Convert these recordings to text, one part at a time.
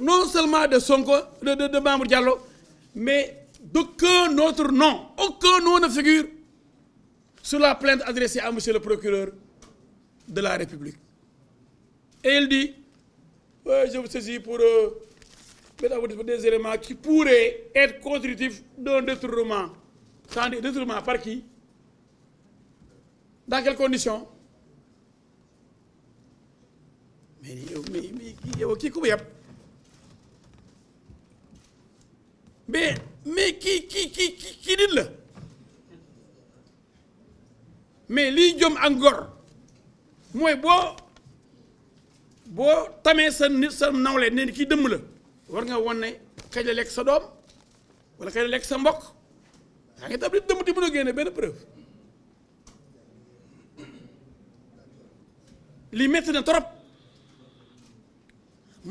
non seulement de Sonko, de, de, de Diallo, mais d'aucun autre nom. Aucun nom ne figure sur la plainte adressée à M. le procureur de la République. Et il dit, je vous saisis pour des éléments qui pourraient être constitutifs d'un détournement. dire détournement par qui Dans quelles conditions mais mais kii kii kii kii nit la mais liy jom ak ngor mooy boo boo tamee sa nit sa nawle ne kii dëmm la war nga wan ne kañ la lekk sa doom wala kañ la lekk sa mbokk yaa ngi tam nit dëmm di mën génne benn preuve lii metti na trop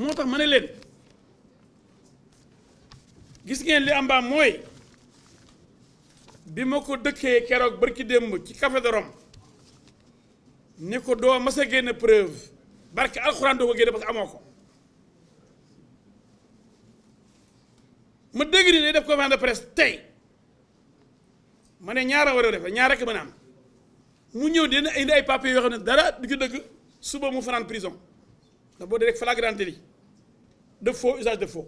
moo tax ma ne leen gis ngeen li am mbaam mooy bi ma ko dëkkee keroog barki démb ci Café de Rome ni ko doo mas génn preuve barke alxuraan ko génn parce amoo ko ma dégg ni day def conférence de presse tey ma ne ñaara war a defe ñaar rek mën am mu ñëw dina indi ay papiers yoo xam ne dara du ko dëgg suba mu fanaan prison ndax boo dee rek flagrant délit de faux usage de faux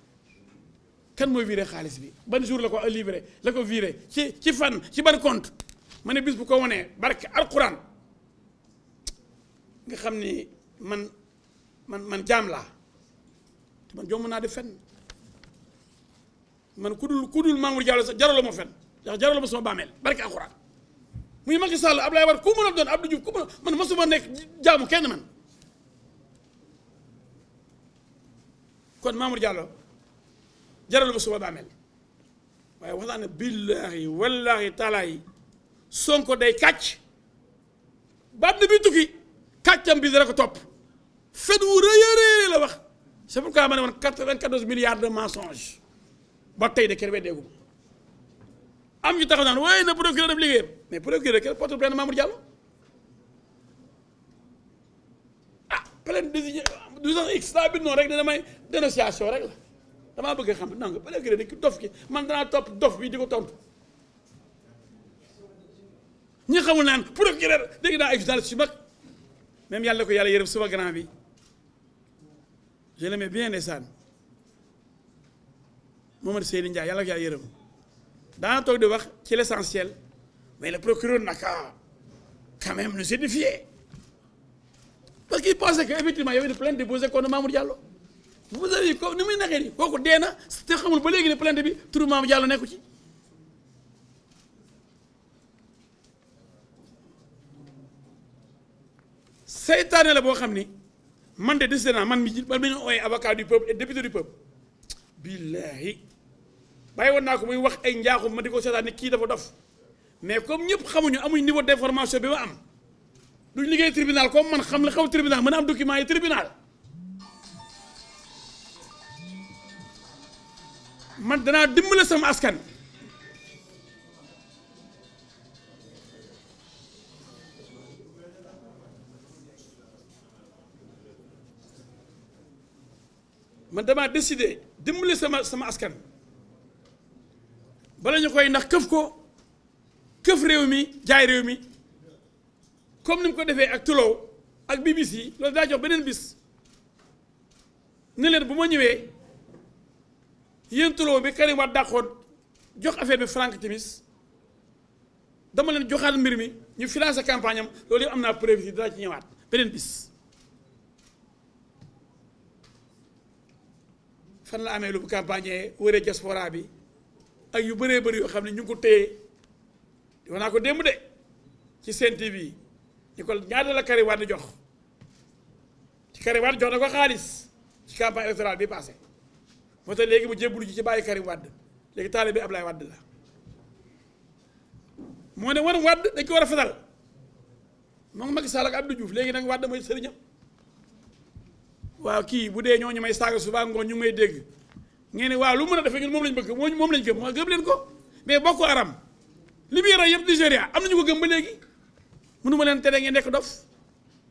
kan mooy viré xaalis bi ban jour la ko livré la ko viré ci ci fan ci ban compte ma ne bis bu ko wanee barke alquran nga xam ni man man man jaam laa te man jomm naa def fenn man ku dul ku dul Mamour Diallo sax jaraloo ma fenn ndax jaraloo ma sama bàmmeel barke alquran muy Macky Sall Abdoulaye Wade ku mën a doon Abdou Diouf ku mën man masuma nekk jaamu kenn man kon Mamour Diallo jaral suba ne billaahi sonko day katch bi bi dara ko la wax c'est pourquoi ma ne 94 milliards de mensonges ba tay de kenn weddeegu am ñu taxaw na procureur def mais procureur porte ben Mamour Diallo ah x rek dénonciation rek la je bëgg xam ba dof man dof bi ñi xamul procureur ay même ko grand bi je l'aimais bien ndeysaan Momadou Seydi Ndiaye yàlla ko yàlla yërëm toog di wax ci l'essentiel mais le procureur n'a qu'à quand même nous édifier parce qu'il pensait que effectivement il y avait une plainte déposée contre Mamour Diallo vous avez ko ni muy naxee nii kooku dee na te xamul ba léegi ne plainte bi turu jàll Diallo nekku ci seytaane la boo xam ni man de décidé naa man mi ji man mi ooyee avocat du peuple et député du peuple billahi bàyyi woon naa ko muy wax ay njaaxum ma di ko seetaan ne kii dafa dof mais comme ñëpp xamuñu amuñ niveau d'information bi ma am duñ liggéey tribunal comme man xam la xaw tribunal mën a am document yi tribunal man danaa dimbale sama askan man damaa décidé dimbale sama sama askan bala ñu koy ndax këf ko këf réew mi jaay réew mi comme ni mu ko defee ak tulow ak BBC loolu daa jox beneen bis ne leen bu ma ñëwee yéntuloo bi Karim Wade dàqoon jox affaire bi Franck Timis dama leen joxaat mbir mi ñu financé campagne am loolu yëpp am naa preuve yi dara ci ñëwaat beneen bis fan la amee lu bu campagne wëree diaspora bi ak yu bëree bëri xam ne ñu ko téye wax ko démb de ci seen TV ñu ko ñaata la Karim Wade jox ci Karim Wade jox na ko xaalis ci campagne électorale bi passé moo léegi mu jébbalu ji ci bàyyi Karim wàdd léegi taalibe Ablaye Wade la moo ne war wàdd dañ ko war a fetal moom Macky Sall ak Abdou Diouf léegi nag wàdd mooy sëriñam waa kii bu dee ñoo ñu may saaga suba ngoon ñu may dégg ngeen ne waaw lu mën a defee ñun moom lañ bëgg moo moom lañ gëm moo gëm leen ko mais Boko Haram Libéria yëpp Nigéria am nañu ko gëm ba léegi mënu ma leen tere ngeen nekk dof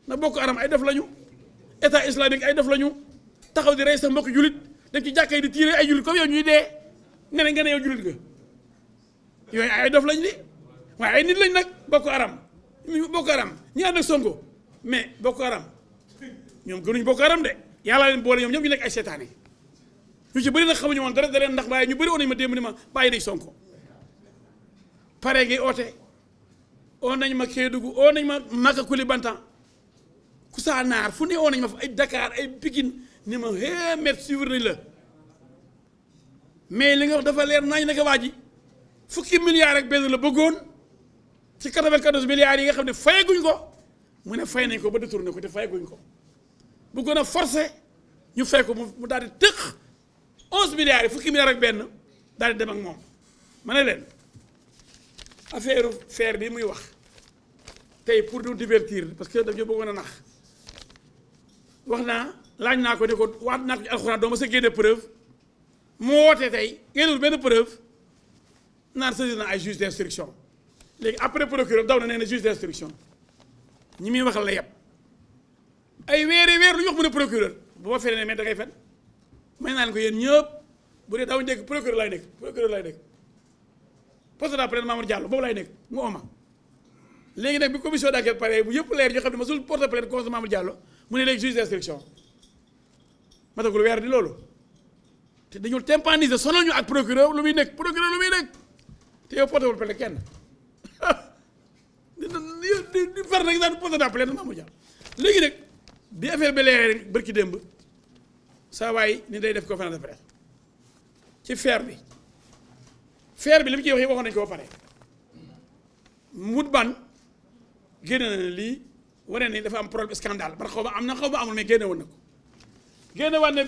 na bokk Haram ay dof lañu état islamique ay dof lañu taxaw di rey sa mbokk julit dem ci jàkka yi di tiire ay jullit comme yow ñuy dee nga ne nga jullit nga yooyu ay dof lañ li waaye ay nit lañ nag bokk aram bokk aram ñi Sonko mais bokk aram ñoom gënuñ bokk aram de yàlla leen boole ñoom ñoom ñu nekk ay seetaane ñu ci bëri nag xamuñu woon dara da leen ndax waaye ñu bëri woon nañu ma démb ni ma bàyyi day Sonko pare gi oote oo nañ ma Kédougou oo ma Maka Koulibantang ku saa naar fu ne oo nañ ma fa ay Dakar ay Pikine ni ma hee maître suivre nañ la mais li nga wax dafa leer nañ naka waa ji fukki milliards ak benn la bëggoon ci 94 milliards yi nga xam ne fayaguñ ko mu ne fay nañ ko ba détourné ko te fayaguñ ko bëggoon a forcé ñu fay ko mu daal di tëq 11 milliards yi fukki milliards ak benn daal di dem ak moom ma ne leen affaire faire bi muy wax tey pour nous divertir parce que daf ñu bëggoon a nax wax naa. laaj naa ko ne ko waat naa ko ci alxuraan doo ma sa génne preuve mu woote tey génnul benn preuve naan saisir na ay juge d'instruction léegi après procureur daw na nee na juge d'instruction ñi muy waxal la yeb ay weeri weer lu ñu wax mu ne procureur bu ma feree ne mais ngay fen may naa leen ko yéen ñëpp bu dee daaw nekk procureur lay nekk procureur lay nekk poste d'appel Mamour Diallo boobu lay nekk mu oma léegi nag bi commission d'enquête pare bu yëpp leer ñu xam ne mosul porte plainte contre Mamour Diallo mu ne léegi juge d'instruction matagul weer di loolu te dañu tympaniser sonal ñu ak procureur lu muy nekk procureur lu muy nekk te yow portewul plainte kenn di di léegi nag bi affaire bi leeree bërki démb saa waay ni day def conférence de presse ci feer bi feer bi li mu ciy wax yi waxoon nañu ko ba pare mut ban génne na lii wane ni dafa am problème scandale man xaw ma am na xaw ma amul mais génne woon na ko génn war na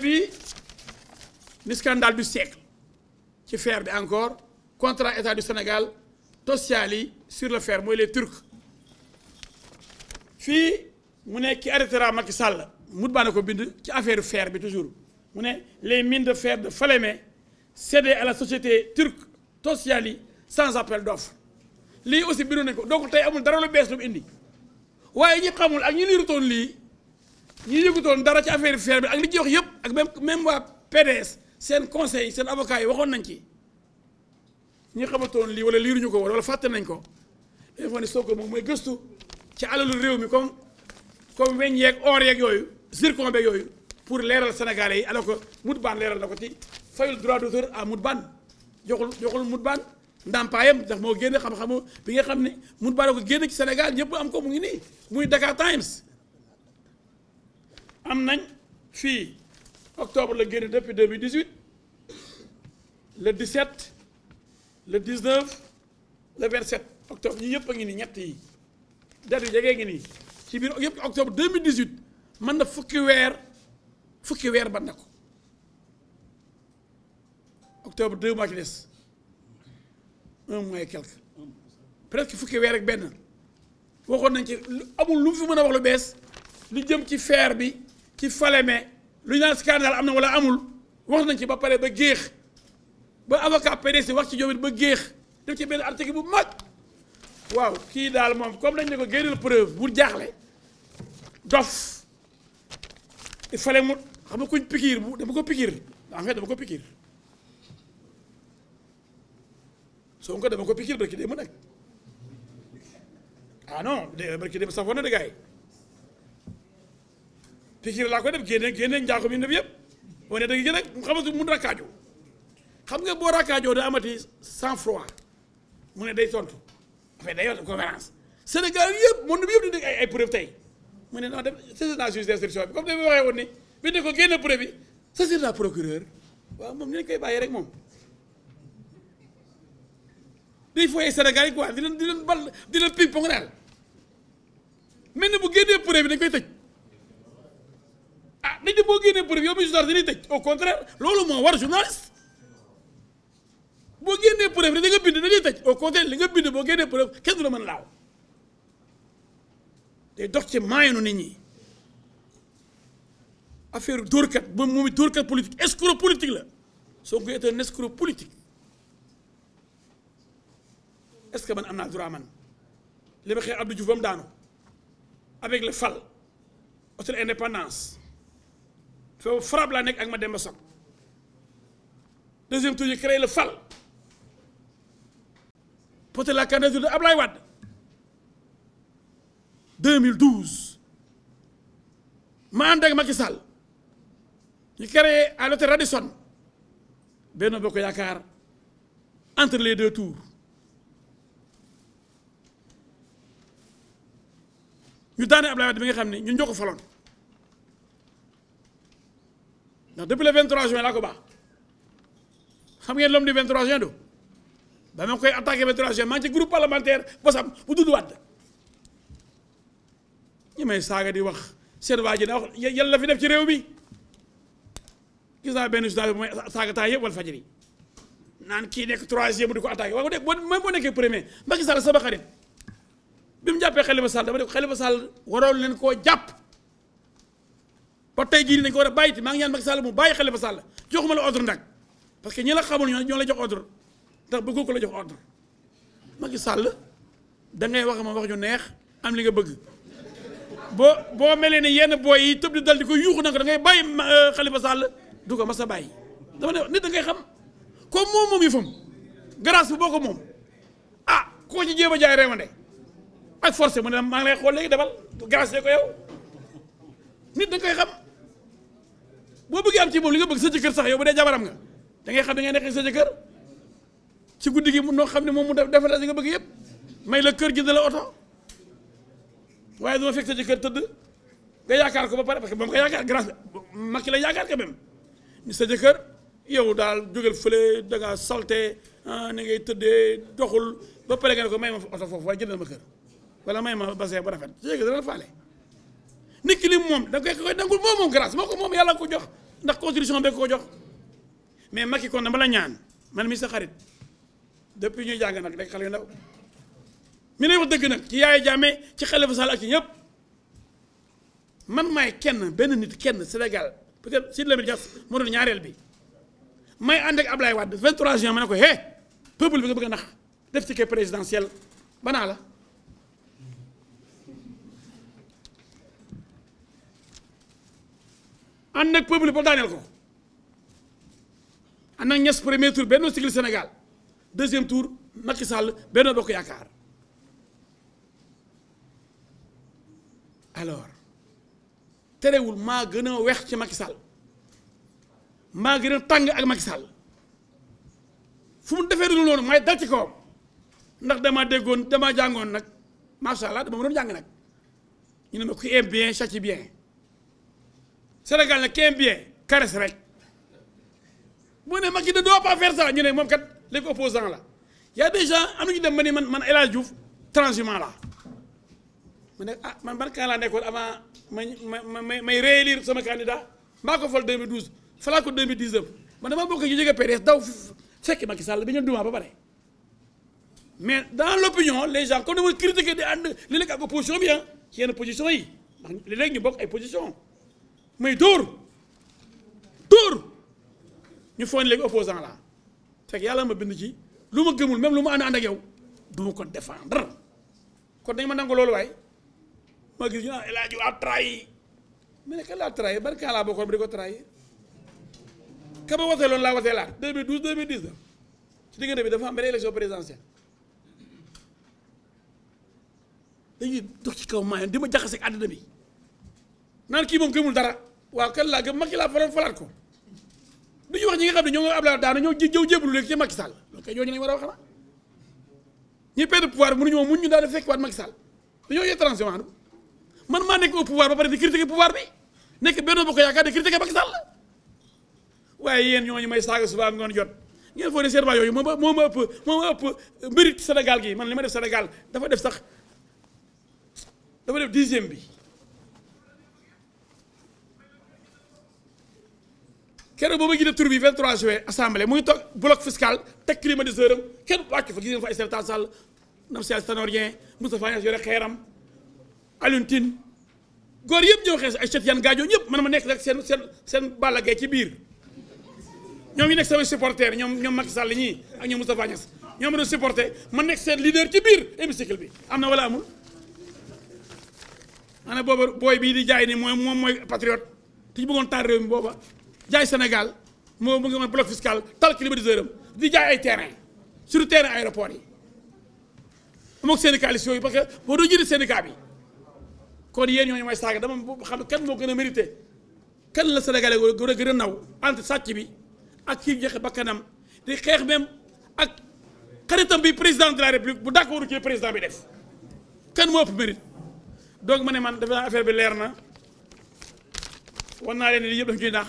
le scandale du siècle qui ferme encore contrat état du Sénégal Tosiali, sur le fer mooy les turcs Puis, mu ne ki arrêtera Macky Sall mut baa na ko bind ci affaire fer toujours mu les mines de fer de Falémé cédées à la société turque Tosiali, sans appel d'offre Li aussi bindu nañ ko donc tey amul dara lu bees lu mu indi waaye ñi xamul ak ñi liirutoon lii ñi yëgutoon dara ci affaire fer bi ak li ci wax yëpp ak même même waa PDS seen conseil seen avocat yi waxoon nañ ci ñi xamatoon lii wala liiruñu ko woon wala fàtte nañ ko dañu foog moom mooy gëstu ci alalu réew mi comme comme weñ yeeg or yooyu zircon beeg yooyu pour leeral Sénégalais yi alors que Moutbane na ko ci fayul droit d'auteur à Moutbane joxul joxul Moutbane ndàmpaayam ndax moo génne xam-xamu bi xam ne Moutbane ko génne ci Sénégal ñëpp am ko mu ngi nii muy Dakar Times. amnañ fi octobre la guerre depuis 2018 le 17 le 19 le 27 octobre ñi yëpp a ngi ni ñett yi date yu ngi ci biir octobre 2018 man na fukki weer fukki weer ba na octobre deux mois ci un mois et quelque presque fukki weer ak ben waxon nañ ci amul lu fi mëna wax lu bess li jëm ci fer bi fallait mais lu ñu scandale amna wala amul wax nañ ci ba paré ba geex ba avocat PDC wax ci jomit ba geex def ci article bu mag waaw ki dal mom comme dañ ne ko preuve bu dof il fallait mu xam nga kuñ pikir dama ko pikir en fait dama ko pikir de ko dama ko pikir barki mu ah non barki dee que de gars fikir la ko dem génne génne njaago bi ndef woné da dëgg gi rek xam nga mun rakkaajoo xam nga bo rakkaajoo da amati sans froid mu né day tontu mais day yott conférence Sénégal yëpp monde bi yëpp di ay ay preuve tey mu ne non dem saisir naa justice d'instruction bi comme dem waxé waxee bi ne ko génne preuve bi saisir la procureur waaw moom dinañ koy bàyyi rek mom day foyee Sénégal quoi di leen di leen bal di leen ping pong daal mel ni bu génnee preuve bi dañ koy tëj. nit ñi boo génnee preuve yow mi journaliste dañuy tëj au contraire loolu moo war journaliste boo génnee preuve da nga bind da tëj au contraire li nga bind boo génnee preuve kenn du la laaw day dox ci maayanu nit ñi affaire dóorkat moom moom it dóorkat politique escroc politique la Sonko est un escroc politique est-ce que man am naa droit man li ma xëy Abdou Diouf ba daanu avec le FAL hôtel indépendance foofu FRAPP laa nekk ak Mademba Sock deuxième tour yi créé le FAL porté la candidature de Ablaye Wade 2012 ma ànd ak Macky Sall ñu créé à l'hôtel Radisson Benno Bokk Yaakaar entre les deux tours ñu daane Ablaye Wade bi nga xam ne ñu ñoo ko faloon ndax depuis le 23 juin laa ko baax xam ngeen l'homme du 23 juin du ba ma koy attaqué 23 juin maa ci groupe parlementaire bosam bu dudd waat ñi may saaga di wax seen waa ji daa wax yàlla fi def ci réew mi gis naa benn journal bi mooy saaga temps yëpp wala fajari naan ki nekk troisième bu di ko attaqué waaye bu dee même boo nekkee premier Macky Sall sama xarit bi mu jàppee Khalifa Sall waroon leen koo jàpp. ba tey jii dañ ko war a bàyyi maa ngi ñaan Macky Sall mu bàyyi Khalifa Sall joxuma la ordre nag parce que ñi la xamul ñoo ñoo la jox ordre ndax bëggoo ko la jox ordre Macky Sall da ngay wax ma wax ñu neex am li nga boo boo melee ne yenn booy yi tëb di dal di ko yuuxu na ko ngay bàyyi euh, Khalifa Sall du ko mas a bàyyi dama ne nit da ngay xam comme moom moom yi fam grâce bu boo ko moom ah koo ci jéem a jaay reewande ak forcé mu ne maa ngi lay xool léegi defal grâce ko yow nit da xam boo bëggee am ci moom li nga bëgg sa jëkkër sax yow bu dee jabaram nga da ngay xam ne ngay nekk sa ci guddi gi noo xam ne moom mu defal la li nga bëgg yëpp may la kër gi da la oto waaye duma tëdd nga yaakaar ba pare parce que moom nga yaakaar grâce Macky la yaakaar quand même ni sa jëkkër yow daal jógal fële da ngaa salte ah, ngay tëddee doxul ba pare nga ne ko may ma oto foofu waaye jëndal ma kër wala may ma bassin bu rafet sa jëkkër dana faale nit ki li moom da nga koy nangul moom moom grâce moo ko moom yàlla ko jox ndax constitution be ko jox mais Macky kon dama la ñaan man mi sa xarit depuis ñuy jàng nag rek xale yu ndaw mi ne wax dëgg nag ci yaay jàmmee ci Khalifa Sall ak ci ñëpp man maay kenn benn nit kenn Sénégal peut-être Sidy Lamine Niass moo doon ñaareel bi may ànd ak Ablaye Wade 23 juin ma ne ko hé peuple bi nga bëgg a nax def ticket présidentiel banaa la ànd ak peuple ba ko ànd ak ñes premier tour Benno Siggil Sénégal deuxième tour Macky Sall Benno Bokk Yaakaar alors terewul maa gën a weex ci Macky Sall maa gën a tàng ak Macky Sall fu mu defee dunu loonu may dal ci kawam ndax dama déggoon dama jàngoon nag macha allah dama doon jàng nag ñu ne ma ku aime bien châtie bien Sénégal n'a quinze bien caresse rek mu ne Macky ne doit pas faire ça ñu ne moom kat léegi opposant la y a des gens am na ñu dem man man El Diouf transhumant la Mon ah man ban camp laa nekkoon avant may réélire sama candidat maa qu'on fal 2012 falaa ko 2019 man dama bokk ñu jóge PDS daw fekk Macky Sall bi ñu duma ba pare mais dans l'opinion les gens comme dama critiquer di ànd li nekk ak opposition bien, qui ah, ci yenn position yi gens léeg-léeg ñu bokk ay position may dóor dóor ñu foog ne léegi opposant la fekk yàlla ma bind ci lu ma gëmul même lu ma ànd ànd ak yow du ma ko défendre kon dañ ma nangu loolu waaye ma gis ñu ah El Hadj a trahi mais laa trahi ban kan laa bokkoon ba di ko trahi ka ma watee loon laa watee laat 2012 2019 ci diggante bi dafa am benn élection présidentielle dañuy dox ci kaw maayoon di ma jaxase ak àddina bi. naan kii moom gëmul dara waaw kan laa gëm Macky laa faloon falaat ko du ñu wax ñi nga xam ne ñoo Abdoulaye daana ñoo jëw jébbalu léegi ci Macky Sall loolu kay ñooñu lañu war a wax xanaa ah. ñi perdre pouvoir mënuñu mun ñu daal di fekk waat Macky Sall man maa nekk au pouvoir ba pare di critiquer pouvoir bi nekk Benno Bokk Yaakaar di critiquer Macky Sall waaye yéen ñooñu may saaga suba ngoon jot ngeen foog ne seen waa yooyu moo ma moo ma ëpp moo ma ëpp mérite Sénégal gi man li ma def Sénégal dafa def sax dafa def dixième bi keroog ba ma gis ne tur bi 23 juillet assemblée muy toog bloc fiscal teg climatiseur am kenn wàcc fa gis ngeen fa ay Aïssata Tall Sall Namsaye Tanor Dieng Moustapha Niasse yore xeeram Alioune Tine yëpp ñëw xees ay Cheikh Yan Gadio ñëpp man ma nekk rek seen seen seen Balla Gaye ci biir ñoom ñu nekk samay supporters ñoom ñoom Macky Sall ñii ak ñoom Moustapha Niasse ñoo ma doon supporter ma nekk seen leader ci biir hémicycle bi am na wala amul. ana booba booy bii di jaay ni mooy moom mooy patriot te ñu bëggoon booba. jaay Sénégal moo mu ngi woon bloc fiscal tal climatiseur am di jaay ay terrain sur terrain aéroport yi moog syndicaliste yooyu parce que boo doon jënd syndicat bi kon yéen ñooñu may saaga dama xam ne kan moo gën a mérité kan la Sénégalais gën a gën a naw entre sàcc bi ak kii joxe bakkanam di xeex même ak xaritam bi président de la république bu d'accord ci président bi def kan moo ëpp mérite donc ma ne man dafa affaire bi leer na wan naa leen yëpp dafa ñuy naax.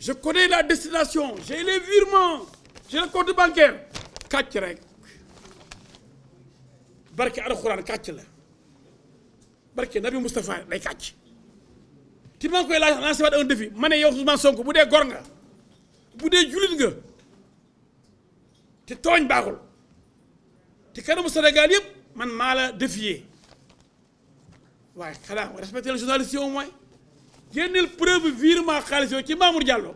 Je connais la destination, j'ai les virements, j'ai le compte bancaire. Quatre rek barke alxuraan quatre la barke Nabi Moustapha day kàcc. ti maa de Je suis un défi Mané yow Ousmane Sonko nga un Sénégal man un défier waaye respectez le journaliste au moins. génneel preuve virement xaalis yooyu ci Mamour jàllo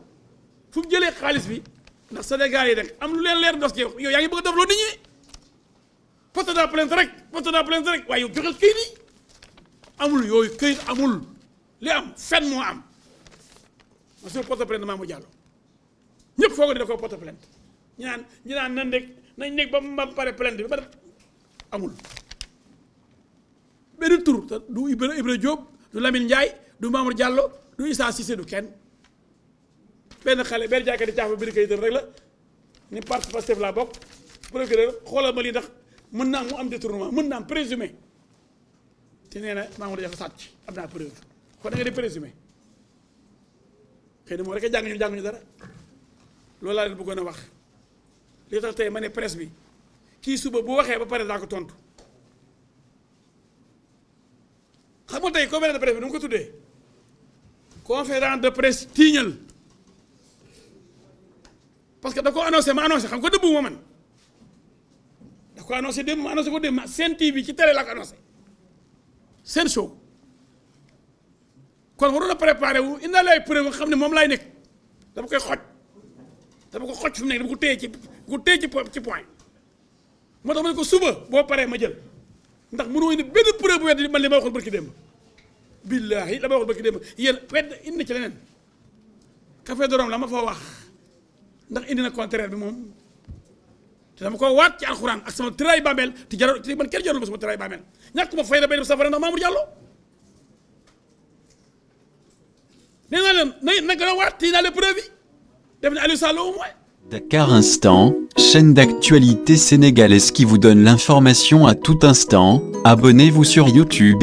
fu mu jëlee xaalis bi ndax Sénégal yi nag am lu leen leer dos ci yow yaa ngi bëgg a def nit ñi porte de plainte rek porte de rek waaye yow joxel këyit yi amul yooyu këyit amul li am fen moo am ma sur porte plainte Mamour Diallo ñëpp foog ne da ko porte plainte ñu naan ñu naan nan nekk nañ nekk ba ba pare plainte bi ba amul benn tur du Ibra Ibra Diop du Lamine Ndiaye du Mamour Diallo du Issa Cissé du kenn benn xale benn jaaykat yi caafa biri kayitam rek la ni parti Pastef laa bokk procureur xoolal ma lii ndax mën naa mu am détournement mën naa am présumé nee na Mamour Diallo sàcc am naa preuve kon da nga di présumé xëy na moom rek a jàng ñu jàng ñu dara loolu laa leen bëggoon a wax li tax tey ma ne presse bi kii suba bu waxee ba pare daa ko tontu xam nga tey conférence de presse bi nu mu ko tuddee. conférence de presse tiiñal parce que da ko annoncé ma annoncé xam ko dëbbu ma man da ko annoncé démb ma annoncé ko démb ma seen TV ci télé la ko annoncé seen show kon waroon a préparé wu indaale ay preuve xam ne moom laay nekk dama koy xoj dama ko xoj fi mu nekk dama ko téye ci ko téye ci ci point moo tax ma ne ko suba boo paree ma jël ndax mënoo indi benn preuve bu wedd man li ma waxoon barki démb de Dakar Instant, chaîne d'actualité sénégalaise qui vous donne l'information à tout instant. Abonnez-vous sur YouTube